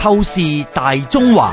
透視大中華，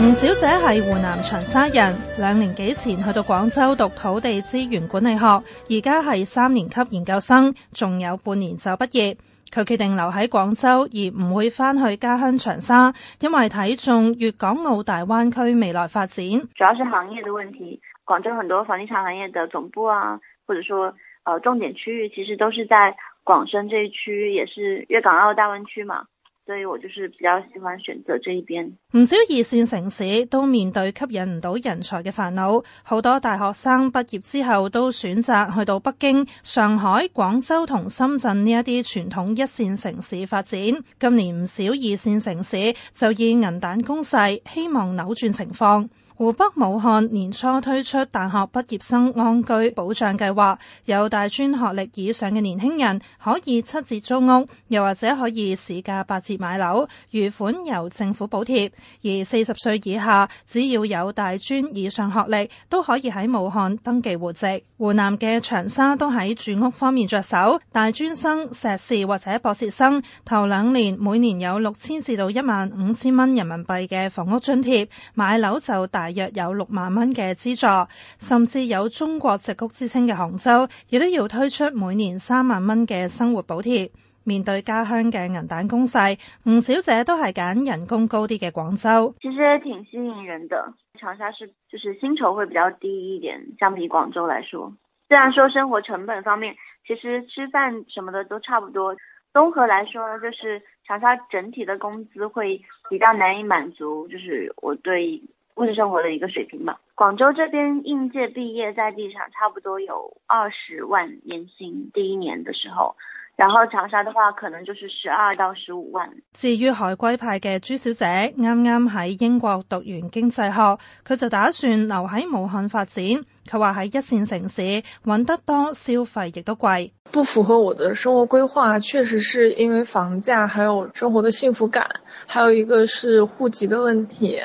吳小姐係湖南長沙人，兩年幾前去到廣州讀土地資源管理學，而家係三年級研究生，仲有半年就畢業。佢決定留喺廣州，而唔會返去家鄉長沙，因為睇中粵港澳大灣區未來發展。主要是行業的問題，廣州很多房地產行業的總部啊，或者說，呃，重點區域，其實都是在。廣深這一區也是粵港澳大灣區嘛，所以我就是比較喜歡選擇這一邊。唔少二線城市都面對吸引唔到人才嘅煩惱，好多大學生畢業之後都選擇去到北京、上海、廣州同深圳呢一啲傳統一線城市發展。今年唔少二線城市就以銀彈攻勢，希望扭轉情況。湖北武漢年初推出大學畢業生安居保障計劃，有大專學歷以上嘅年輕人可以七折租屋，又或者可以市價八折買樓，餘款由政府補貼。而四十歲以下，只要有大專以上學歷，都可以喺武漢登記戶籍。湖南嘅長沙都喺住屋方面着手，大專生、碩士或者博士生頭兩年每年有六千至到一萬五千蚊人民幣嘅房屋津貼，買樓就大約有六萬蚊嘅資助，甚至有中國矽谷之稱嘅杭州，亦都要推出每年三萬蚊嘅生活補貼。面對家鄉嘅銀彈攻勢，吳小姐都係揀人工高啲嘅廣州。其實也挺吸引人的，長沙市就是薪酬會比較低一點，相比廣州來說。雖然說生活成本方面，其實吃飯什麼的都差不多。綜合來說，呢就是長沙整體的工資會比較難以滿足，就是我對。物質生活的一個水平吧。廣州這邊應屆畢業在地產差不多有二十萬年薪第一年的時候，然後長沙的話可能就是十二到十五萬。至於海歸派嘅朱小姐，啱啱喺英國讀完經濟學，佢就打算留喺武漢發展。佢話喺一線城市揾得多，消費亦都貴。不符合我的生活規劃，確實是因為房價，還有生活的幸福感，還有一個是戶籍的問題。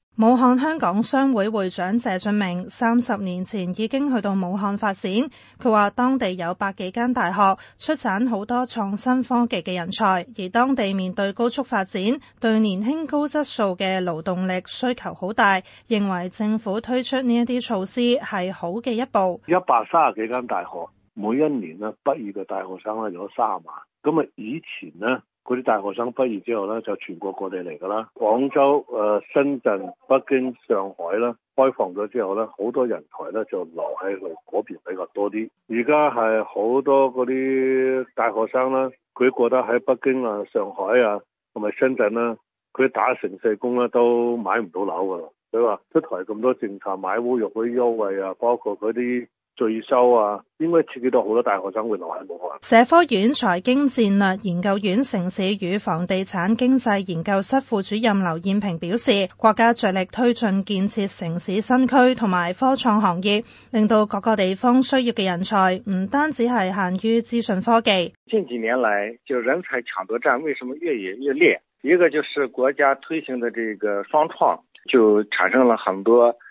武漢香港商會會長謝俊明三十年前已經去到武漢發展，佢話當地有百幾間大學，出產好多創新科技嘅人才，而當地面對高速發展，對年輕高質素嘅勞動力需求好大，認為政府推出呢一啲措施係好嘅一步。一百三十幾間大學，每一年咧畢業嘅大學生咧有三十萬，咁啊以前呢？嗰啲大學生畢業之後咧，就全國各地嚟噶啦。廣州、誒、呃、深圳、北京、上海啦，開放咗之後咧，好多人才咧就留喺佢嗰邊比較多啲。而家係好多嗰啲大學生啦，佢覺得喺北京啊、上海啊同埋深圳啦，佢打成世工啦都買唔到樓㗎啦。佢話出台咁多政策，買屋肉嗰啲優惠啊，包括嗰啲。稅收啊，應該涉及到好多大學生會留喺度。社科院財經戰略研究院城市與房地產經濟研究室副主任劉彥平表示，國家着力推進建設城市新區同埋科創行業，令到各個地方需要嘅人才唔單止係限於資訊科技。近幾年來，就人才搶奪戰為什麼越演越烈？一個就是國家推行的這個雙創，就產生了很多。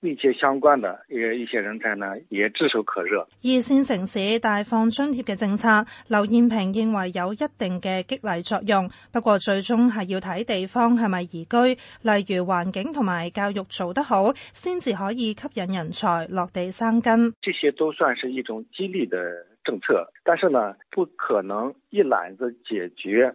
密切相關的一一些人才呢，也炙手可熱。二綫城市大放津貼嘅政策，劉艷平認為有一定嘅激勵作用，不過最終係要睇地方係咪宜居，例如環境同埋教育做得好，先至可以吸引人才落地生根。這些都算是一種激勵的政策，但是呢，不可能一攬子解決。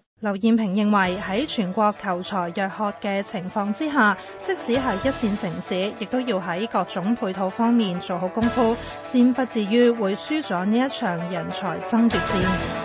劉艷平認為，喺全國求才若渴嘅情況之下，即使係一線城市，亦都要喺各種配套方面做好功夫，先不至於會輸咗呢一場人才爭奪戰。